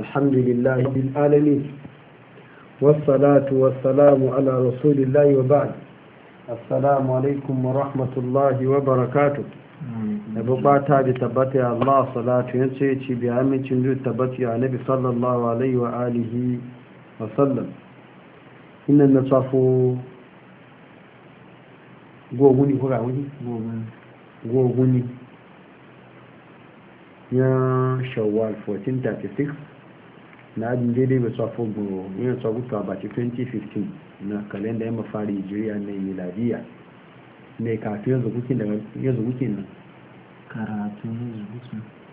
الحمد لله بالآلمين والصلاة والسلام على رسول الله وبعد السلام عليكم ورحمة الله وبركاته نبو باتا تبتي الله صلاة ينسيتي بعمل تنجو تبتي على نبي صلى الله عليه وآله وسلم إن النصف غوغوني غوغوني غوغوني يا شوال 1436 na ajin daidai bai sa fogo yana sa ta a 2015 na kalenda ya mafari jiriya na miladiya ne kafin yanzu gukin daga yanzu gukin nan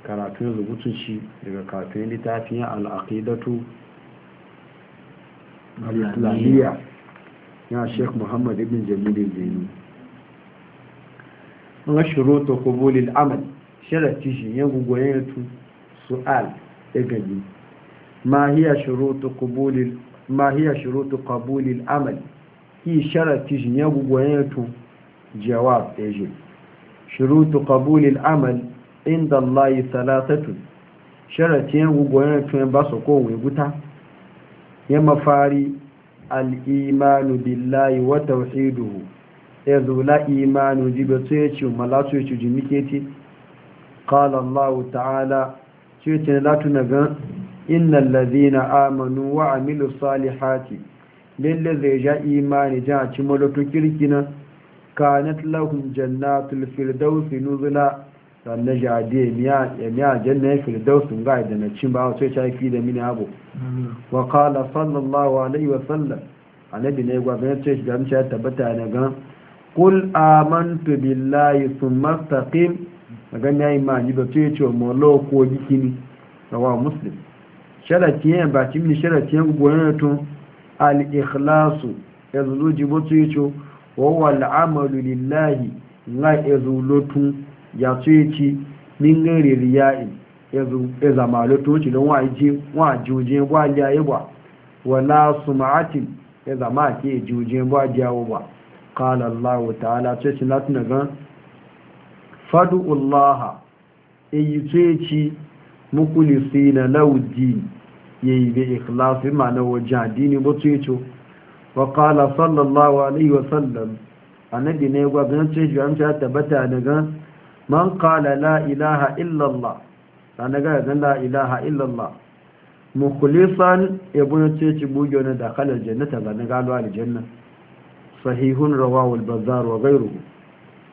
karatu yanzu gukin gukin shi daga kafin littafin al'aqidatu al ya sheikh muhammad ibn jamil zainu nga shuruto qabulil amal sharati shi yangu goyen tu su'al daga ni Mahiya hiya shuruto ƙabulil amal ki sharafi shi ne gugwayetu jawab ɗaya shuruto ƙabulil amal inda Allah yi talatatun sharafi ne gugwayetu ya ba su kowai guta ya mafari al’imanu billahi wata wasu duhu ya zula imanu jibe su ya ce malatu ya ce jimike ti ƙalallahu ta'ala ce ce latu na gan innal ladhina amanu wa amilu salihati lalle zai ja imani ja ci malatu kirkina kanat lahum jannatul firdausi nuzula sannan ja de miya miya jannatul firdausi ga da na cin ba sai ya fi da mini abu wa qala sallallahu alaihi wa sallam annabi ne gwa bayan sai ga mutaya tabbata ne ga qul amantu billahi thumma istaqim ga ne imani ba sai ce mu lo ko gikini rawa muslim sharatiyan ba min sharatiyan gwayato al-ikhlasu yazulu jibutu yacho wa huwa al-amalu lillahi la yazulutu ya tsuyici min gari riya'i ya zama ci don waje wajoje ba jaye ba wala sum'atin ya zama ke juje ba jawo ba qala allah ta'ala ce shi latin ga fadu allah ce ci mukulisi na laudi. yayi bi ikhlasi ma'ana wajen addini ba su yace wa kala sallallahu alaihi wa sallam annabi ne gwa ganin ce shi an ta tabbata daga man kala la ilaha illa allah sana ga ga la ilaha illa allah mukhlisan ibn ce ci bujo na dakhala jannata ba na galo aljanna sahihun rawahu al wa ghayruhu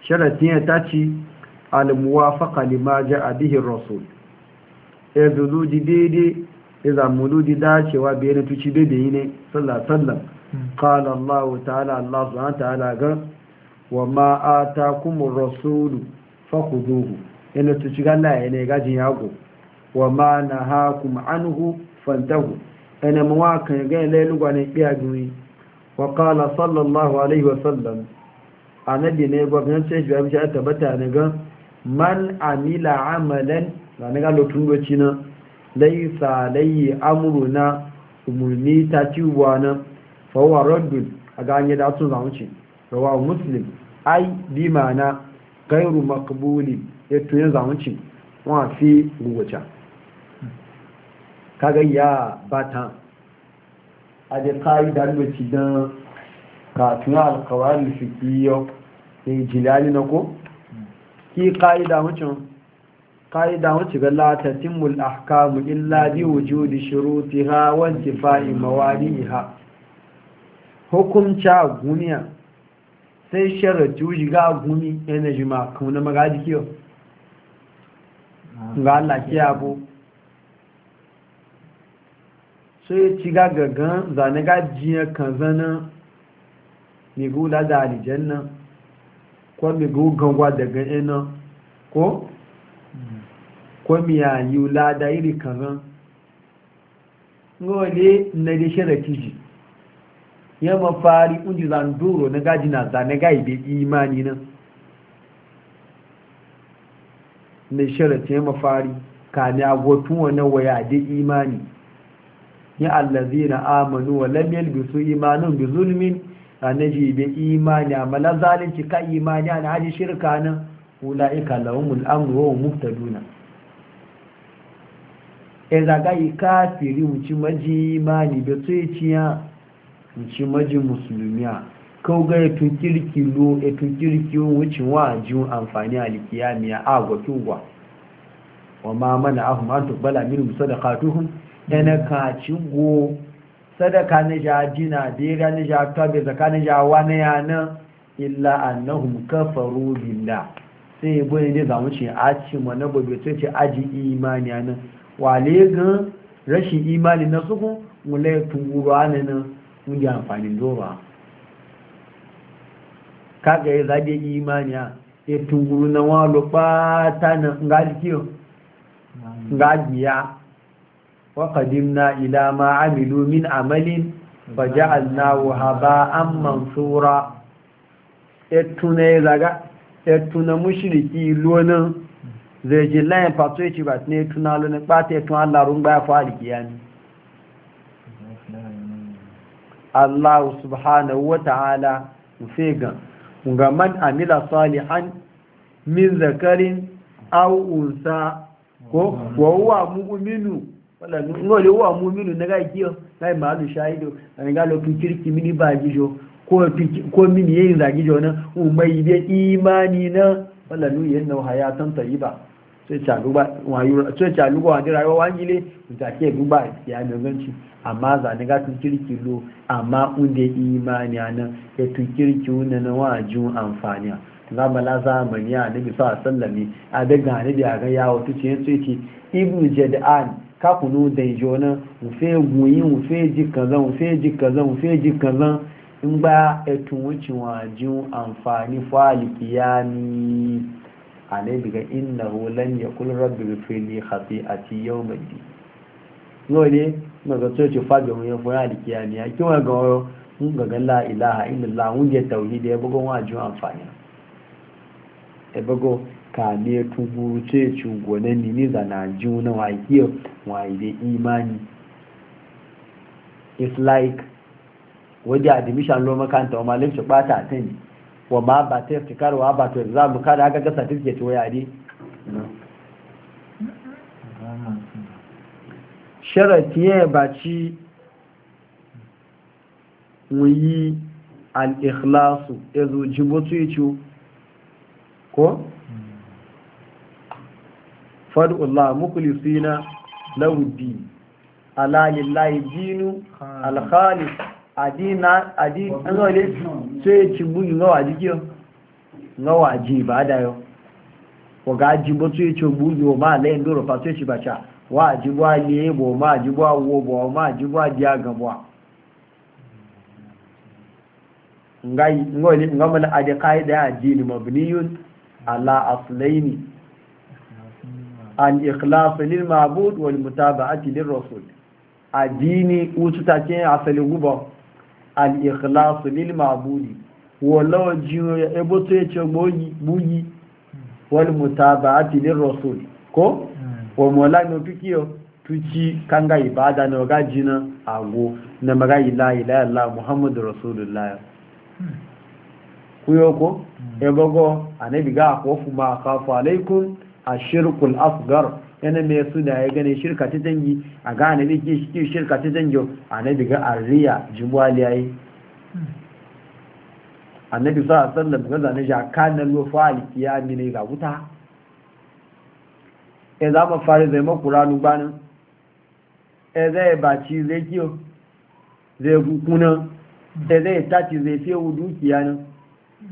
sharatin ta ci al-muwafaqa lima ja'a bihi ar-rasul ezudu daidai iza muludi dacewa bai na tuci bai bai ne sallasallam kala allahu ta'ala allah subhanahu ta'ala ga wa ma atakumur rasulu fakhuduhu ina tuci galla ya ne gajin yago wa ma nahakum anhu fantahu ina mawaka ga lailu gwanin biya duni wa kala sallallahu alaihi wa sallam annabi ne gwamnan sai shi ya tabbata ne ga man amila amalan ga ne ga lotun goci na laisa layi amuruna umarni ta ciwa nan fawar raddun a ganye da sun zamuci rawa muslim ai bi mana kairu makabuli ya tuye zamuci wa fi gugucha kaga ya bata a da kayi da don kafin alkawarin fikiyo da jilali na ko ki kayi da mucin ƙa'ida wacce ga latatin mul'akamu illa bi wujudi shiruti ha wanti fa'i mawari ha hukumca guniya sai sharatu shiga guni yana ma kuma na magaji kiyo ah. ga alaƙi abu sai ci gagagan zane gajiyar kan zanen migula da alijan nan ko migugan gwadagan ina ko kwami ya yi lada iri kanan wale na da sharafi ji ya mafari unji zanduro na gaji na zane gai da imani nan na sharafi ya fari ka ne agotu wani waya da imani ya allazi na amanu wa lamiyar bisu imanin bi zulmin a na ji bai imani a mala zalunci ka imani a na haji shirka nan ula'ika lahumul amru wa muftaduna e zaga yi kafiri ci maji imani da sai ciya wuci maji musulmiya kau ga ya tunkiri lo ya tunkiri kiyo wucin wa ji amfani a likiyamiya a ah, gwatugwa wa ma mana ahu ma tubbala min katuhun yana ka ci go sadaka na jajina bera na jatuwa bai zaka na jawa na yana illa annahum kafaru billah sai ya bude ne zamu ce a ci mana gobe sai ce aji imani nan wale gan rashin imani na suku wule tunguru ne nan mun ji amfanin Ka kaga ya zabe imani ya ya tunguru na walo bata na ngaji kiyo ngaji wa qadimna ila ma amilu min amalin faja'alnahu haba'an mansura etuna ya zaga etuna mushriki lonan zai ji layin fato ya ce ba ne tuna lunin ɓata ya tuna larun baya Allah subhanahu wa ta'ala fegan ga man amila salihan min zakarin aw ko wa huwa mu'minu wala ngole na gai kiyo gai malu na ga kirki mini ba gijo ko mini yayin zagijo na umai bi imani na wala nu yanna hayatan ba. a caluba wani rayuwa wangile zake duba ya ganganci amma zane ga tun kirki lo amma unde imani nan ya tun kirki wunan na wajin amfani zamala zamani a nabi sa sallami a daga nabi a ga yawo tuce ya ce ibnu jad'an ka kunu da jona mu fe guyi mu fe ji kazan mu ji kazan mu ji kazan in ba etun wucin wajin amfani fa alkiyami annabi ga innahu lan yakul rabbi ghfirli khati'ati yawmal din no ne no ga to ce fajo mun fo ya diki ya ni ya kin ga woro mun ga ga la ilaha illallah mun je da ya e bugo wa ju amfani Ya e bugo ka ne tubu ce ci gona ni ni da na ju na wa kiyo wa ide imani it's like wajen admission lo makanta wa malam shi bata atani wa ba ba ta yi wa ba ta za mu kada aka ga certificate waya ne sharati ya ba ci wuyi al-ikhlasu ya zo jibotu ya ciwo ko? fadullah mukulisina laudi alalillahi dinu alkhalis adina adi ngole sai cibu ngawa dikiyo ngawa ji bada yo ko ga jibo sai cibu yo ma le ndoro pa sai cibacha wa jibo ali bo ma jibo wo bo ma jibo adia gabwa ngai ngole ngamal adi qaida adini mabniyun ala aslaini al-ikhlas al'ikhlasu lil ma'budi wallawa jiyo ya ebo to ya ce buyi wal mutaba'ati lil rasul ko hmm. wa mola no fikiyo tuci kanga ibada na waga jina ago na maga ila ila Allah Muhammadu Rasulullah hmm. kuyo ko hmm. ebogo anabi ga ma kafa khafu a shirkul afgar yana mai suna ya gane shirka ta dangi a gane annabi ke shi shirka ta dangi annabi ga arriya jimwali na annabi sa sallam da zane ja kana lo fa'al kiyami mini ga wuta Ya e za mu zai ma qur'anu bani e zai baci zai kiyo zai kuna Ya e zai taci zai fiye dukiya nan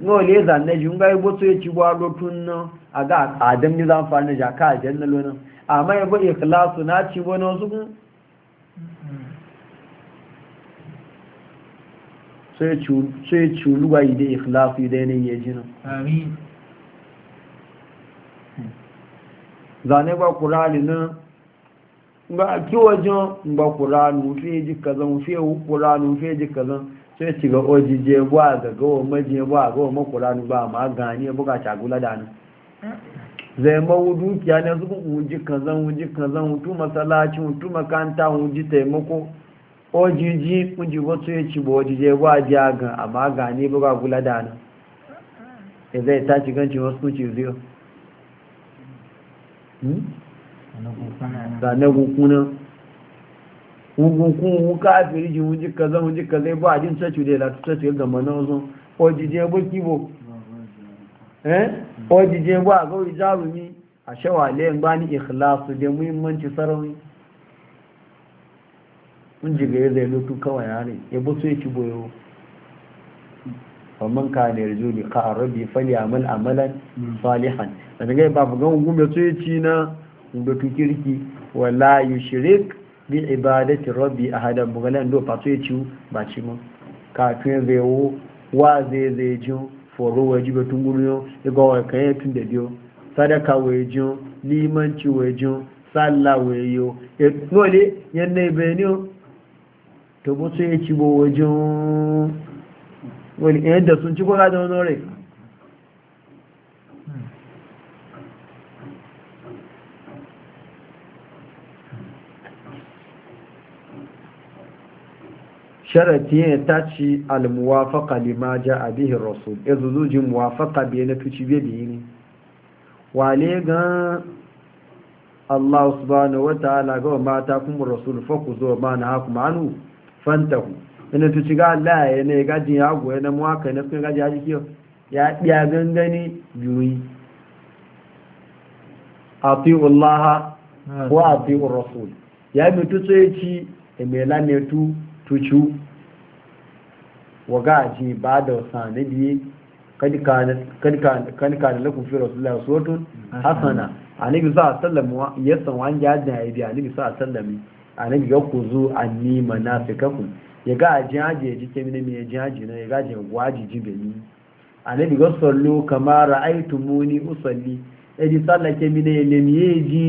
no le zane ji ngai boto ya ci wa lotun nan a ga adam ni zan fara na jaka a jannalo nan amma ya ba ikhlasu na ci wani wasu sai culuwa yi da ikhlasu da yanayi ya jina zane ba kurali nan ba ki wajen ba kuranu fiye ji kazan fiye kuranu fiye ji kazan sai ci ga ojije ba ga gawa majiye ba gawa makuranu ba ma gani ya buga cagula da nan zai mawu dukiya ne su kuma wuji kazan wuji kazan wutu masalacin wutu makanta wuji taimako ojiji wuji wasu ya ci ba wajije ba jiya ga amma ga ne ba ga kula da nan ya e zai ta ci ganci wasu kuci ziyo zane hmm? gukuna gugunkun wuka a afiriji wuji kazan wuji kazan ba a jin sacu da ya latu sacu ga manazon ojije ba kibo Eh? ko jije bu a gauri jarumi a shawa layin ba ni ikhlasu da muhimmanci sarauni mun jiga ya zai lutu kawai yare ya bu ya yake boyo faman ka ne rijo ne ka arabi fali amal amalan salihan da ga ba ga gumbe su ci na gumbe tu kirki wala shirik bi ibadati rabbi hadar bugalan dofa fa su yace ba ci mu ka tun zai wo wa zai zai jin foro ji waje ba tunguriyo iga e wa kan tun da biyo sadaka waje limanci waje salla waje e nole ni o to bo sai ci bo waje wani da sun ci ko ga da wani sharati ya taci almuwafaqa lima jaa bihi rasul izu zuji muwafaqa bi na tuci bi bi ne wale ga Allah subhanahu wa ta'ala ga mata kuma rasul fa ku zo ma na haku manu ku ina tuci ga Allah ya ne ga jin ya goye na muwaka ne kuma ga ji haji kiyo ya biya gangani biyu ati'u Allah wa ati'u rasul ya mutu sai ci emela ne tu tuchu waga ji ba da sanabi kad kana lakum fi rasulillahi uswatun hasana annabi sa sallam ya san wani jadda ya bi annabi sa sallami annabi ya ku zu anni manafikakum ya ga ajin aje ji ke mini ya ji aji na ya ga ajin gwaji ji da ni annabi ga sallu kama ra'aytumuni usalli ya ji sallah ke mini ne mi ji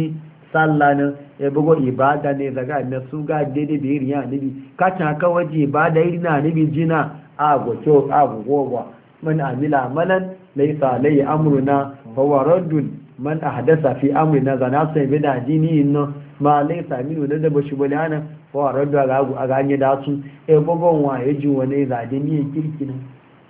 sallah na ya bugo ibada ne daga na su ga daidai da irin annabi ka ta ka waje ibada irin annabi jina ago cho ago gowa man amila amalan laisa alayhi amruna fa huwa raddun man ahdasa fi amrina zana sai bida dini no ma laisa minu da da bashi bulana fa huwa raddu aga aga anya da su e gogon wa yaji wani za dini kirkina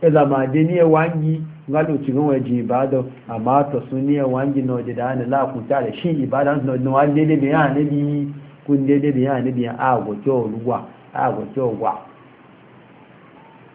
e za ma dini wangi ngalo cikin waji ibado amma to suniya wangi no da dana la ku ta da shi ibada no no wande da biya ne bi kun dede bi yana biya ago cho ruwa ago cho gwa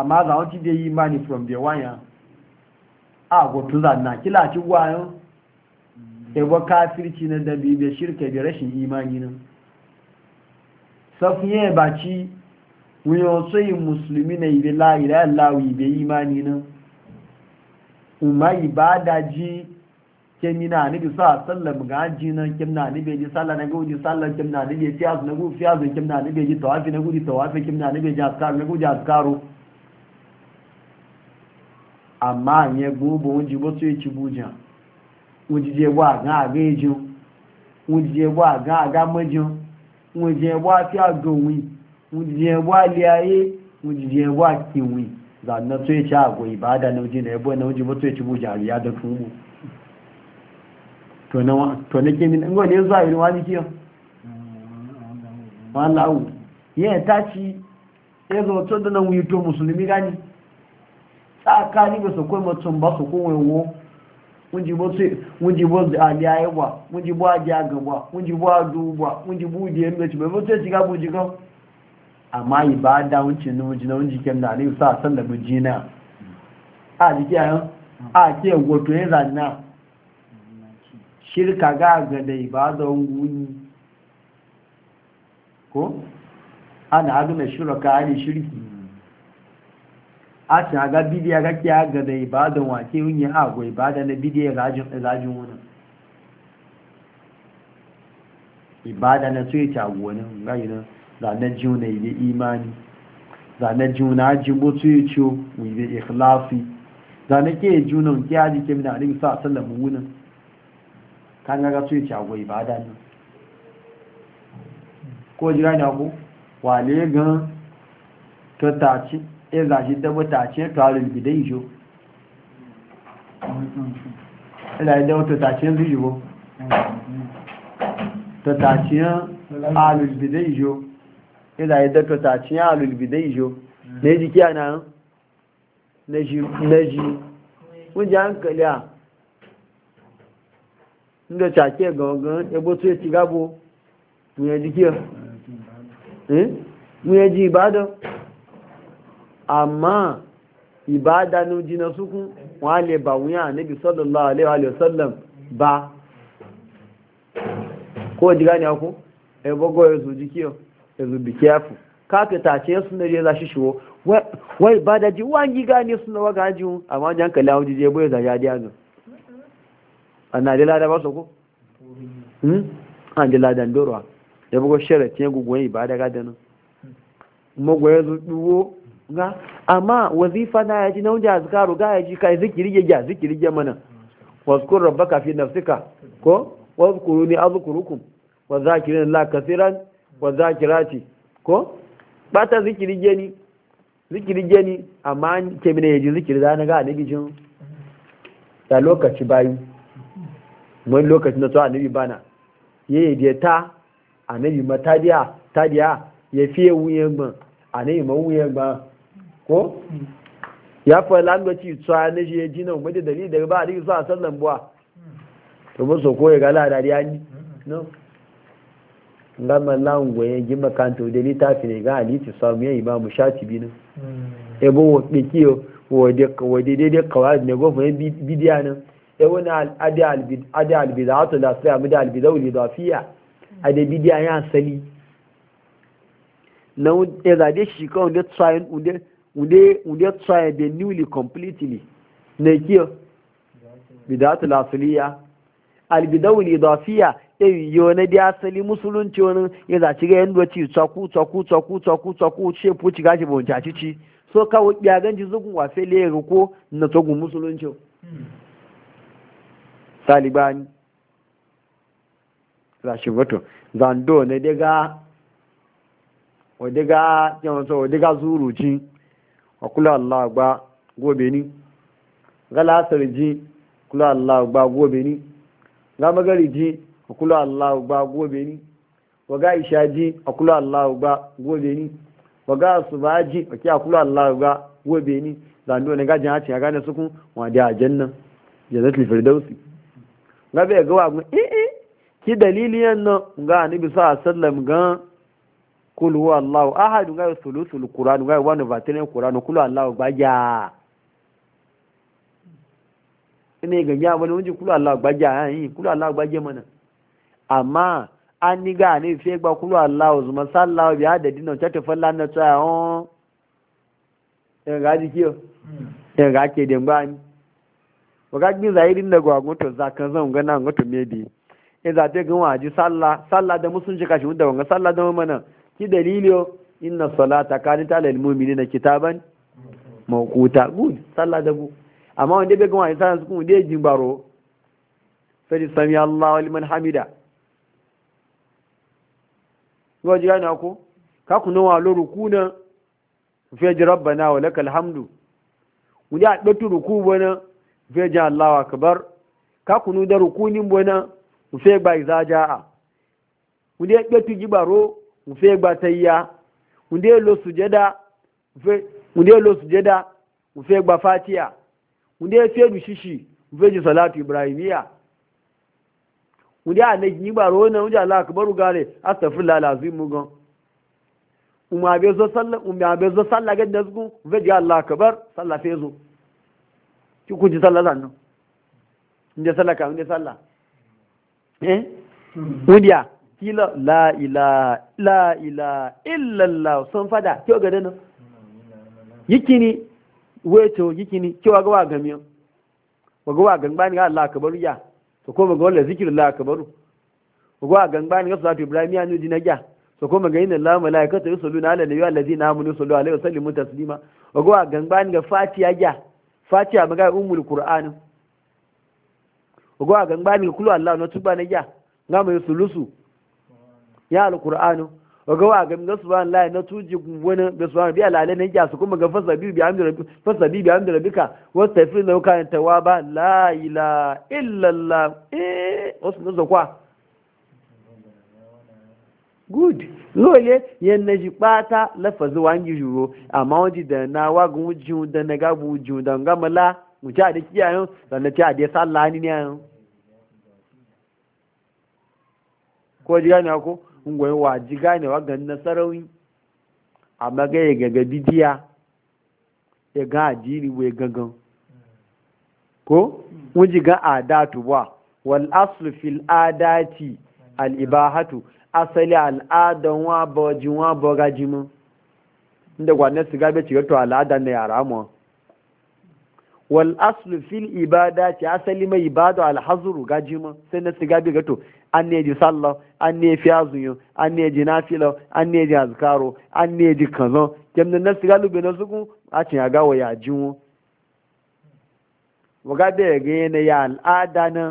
amma za wọ́n ti dé yí mani from the one yan agwatu zanna kila ci wayan ebo kafirci na da bibiyar shirka da rashin imani nan safiye ba ci wuyan tsoyi musulmi na ibe la'ira allawi ibe imani nan umaru ba da ji kemina ni bi sa sallam ga ji nan kemna ni be ji sallah na guji sallah kemna ni be fiyaz na guji fiyaz kemna ni be ji tawafi na guji tawafi kemna ni be ji askaru na guji askaru àmá àyẹn gbogbo oúnjẹ bó tó èkì bújá wọ́n jíjẹ wá àgá ẹjọ́ wọ́n jíjẹ wá àgá mẹ́jọ́ wọ́n jíjẹ wá sí àgọ̀wìn wọ́n jíjẹ ayé wọ́n jíjẹ wá kìwìn tó oúnjẹ bó tó ní ẹ̀zọ́ wá ní kí wọ́n láwù yẹ́n tsakani ba su kai mutum ba su kuma wo munjibo alia ewa munjibo adia gaba munjibo aduwa munjibo udiye mbechi ma mutu ya shiga bujikan amma ibada wuncin na wujina na kem da alayhi sa san da bujina a jiki a a ke wato ya zanna shirka ga da ibada wuni ko ana agna shuraka ali a cin aga bidiya ga kiya ga da ibadan wake yin yi agwa ibada na bidiya rajin wani ibada na tsoye tagonin na zanen juna ibe imani zanen juna bo tsoye ciyo ibe ikhlasi zanen ke junan kiya ke mina alim sa a sallamu wunan kan gaga tsoye tago ibada ne ko jira ne ku wale gan ci? ya zashi dabata ce tarin bidai jo ila ya dawo tataciyar zujibo tataciyar alulbidai jo ila ya dawo tataciyar alulbidai jo na yi jiki ana na ji wunji hankali a inda cake mu ya mu amma ibada nu jina sukun wa le ba wuya nabi sallallahu alaihi wa sallam ba ko diga ne ko e bogo e zu jikiyo e zu bi kiafu ka ka ta ce sun ne za shi wa ibada ji wangi gane sun wa gaji amma jan kala wuji je boye za ya dia no ana dela da ba so ko hmm an dela da ndoro e bogo shere tie gugu ibada ga dana mo go e duwo ga amma wazifa na yaji na wunja azkaru ga yaji kai zikiri ya ya zikiri ya mana wazkur rabbaka fi nafsika ko wazkuruni azkurukum wa zakirin la kasiran wa zakirati ko bata zikiri geni zikiri ni amma ke mina yaji zikiri da na ga annabi jin da lokaci bayu mun lokaci na to annabi bana yayi da ta annabi matadiya tadiya ya fiye wuyen gban annabi ma wuyen gban ko ya fa lambaci tsawa na je jina mu da dalili da ba dai sa sallan buwa to mun so ko ya ga lada da ni no ngama lango ya ji makanto da fi ne ga ti sa mu mu shati bi ne hmm. e bo wo kiyo wo de wo de de kawai ne go fa bidiya nan e wona adi al bid adi al bidatu la sa mu da al bidawu lidafiya bi bidiya ya sali na e da de shi ko de tsayin unde ude ude try the newly completely eh, ne kiyo bidatul asliya al bidawul idafiya e yo na di asali musulunci wani ya zaci ga yanda ci tsaku tsaku tsaku tsaku tsaku ce puci ci ci so kawo ya ganji zugun wafe le ko na togu musulunci wato zando a kula Allah gba gobe ni ga lasar ji kula Allah gba gobe ni ga magari ji kula Allah gba gobe ni wa ga isha kula Allah gba gobe ni wa ga asuba ji kula Allah gba gobe ni zando ne gajin haci ya gane sukun wa da ajanna jannatul firdausi ga bai ga wa eh eh ki dalili yan nan ga annabi sallallahu alaihi wasallam gan kulu huwa allahu ahadu ngai thuluthul qur'an ngayo wanu vatene qur'an kulu allahu gbaja ine ganya wani unji kulu allahu gbaja ayi kulu allahu gbaje mana amma an ni ga ni fe gba kulu allahu zuma sallahu bi adadi na ta falla na tsaya o e ga di kiyo ya e ga ke de gba ni wa ga gbin zahiri na gwa goto zakan zan ga na goto mebi in e za te gan waji sallah sallah da musunci kashi da wanga sallah da mana ki dalilo inna salata kanita lil mu'minina kitaban mawquta good sallah da bu amma wanda bai ga wani sallah su kuma dai baro sai sami Allah man hamida goji gane ko ka kuno wa lo rukuna fi ji rabbana wa lakal hamdu wani a ɗauki ruku bana fi ji Allah kabar ka kuno da rukunin bana fi ba iza ja'a wani a ɗauki gibaro nfe gbatayya nde lo sujada nfe nde lo sujada nfe gba fatiha nde fe du shishi nfe ji salatu ibrahimiya nde ane gini gbaro na nje ala akbaru gare ala alazim gan umma abe zo sallah umma abe zo sallah ga da zugu nfe ji ala akbar salla fe zo ki ku ji sallah zan no nde ka nde salla eh wudiya hmm. kila la’ila ilaha la illallah sun fada kyau ga dana yiki yikini weto ni kyau ga wagami wago waga wa gangba ni Allah ka baru ya to ko maga wala zikirin Allah ka baru waga wa gangba ni ga salatu ibrahim ya nudi na ya to ko maga inna Allah malaikata yusalluna ala nabiyyi alladhina amanu sallu alaihi wa sallimu taslima wago wa gangba ni ga fatiha ya fatiha maga ummul qur'an waga wa gangba ni kulu Allah na tuba na ya ngama yusulusu ya alkur'anu ga wa gamga subhan la na tuji wani da subhan bi alale ne ya su kuma ga fasabi bi amdi rabbi fasabi bi amdi rabbika wa tafi law kana tawaba la ila illa allah eh wasu da zakwa good lóye yẹn na ji kpata lafazi wa ngi juro amma wani da na wa gun jiun da na gabu jiun da nga mala mu ja da kiyayen da na da ade sallah ne ko ji gane ko ngwai wa ji wa ga nasarawi a magaye gaga bidiya ya ga ajiri wai gagan ko wuji hmm. ga adatu ba wal aslu fil adati al ibahatu asali al'adan wa ba wa ba gajimin inda gwanin su gabe cigar to al'adan na yara mu wal aslu fil ibadati asali mai ibadu al hazuru sai na su gabe gato an ne ji sallah an ne fi azuyo an ne ji nafila an ne ji azkaro an ne ji kazan kemna na galu be na ku a cin ya gawo ya jiwo waga da ya gaya na ya al'ada na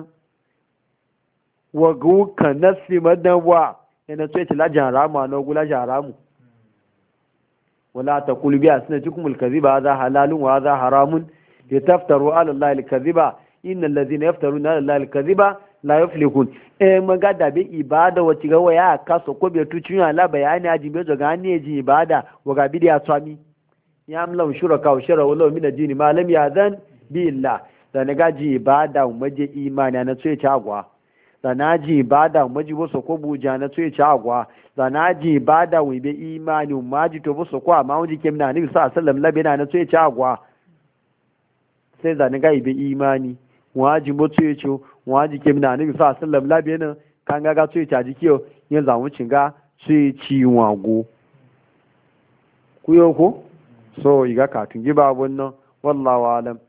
waga wuka na simadan wa ina so ya ci lajan haramu a ogu lajan haramu wala ta kulubi a suna cikin mulkaziba za halalun wa za haramun ya taftaru ala Allah alkaziba inna allazina yaftaruna ala Allah alkaziba la yuflihun e maga da be ibada wa wati ga ya kaso ko be tu cin la bayani ajin be zoga ni ji ibada wa ga bidiya tsami ya amla shuraka wa shara wala min ajin ma lam ya'zan bi illa da ne ga ji ibada maje imani na tsoye ci agwa da na ji ibada maje wasu ko buja na tsoye ci agwa da na ji ibada wa be imani maji to wasu ko amma wuji kem na nabi sallallahu alaihi wasallam na na tsoye ci agwa sai da ne ga ibe imani wajibo tsoye ci wa jike mina anabi sa sallam labe nan kan ga ga tsoye ta jikiyo yin zamu cinga tsoye ci wago kuyo ko so iga katun giba wannan wallahu alam